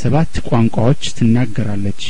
ሰባት ቋንቋዎች ትናገራለች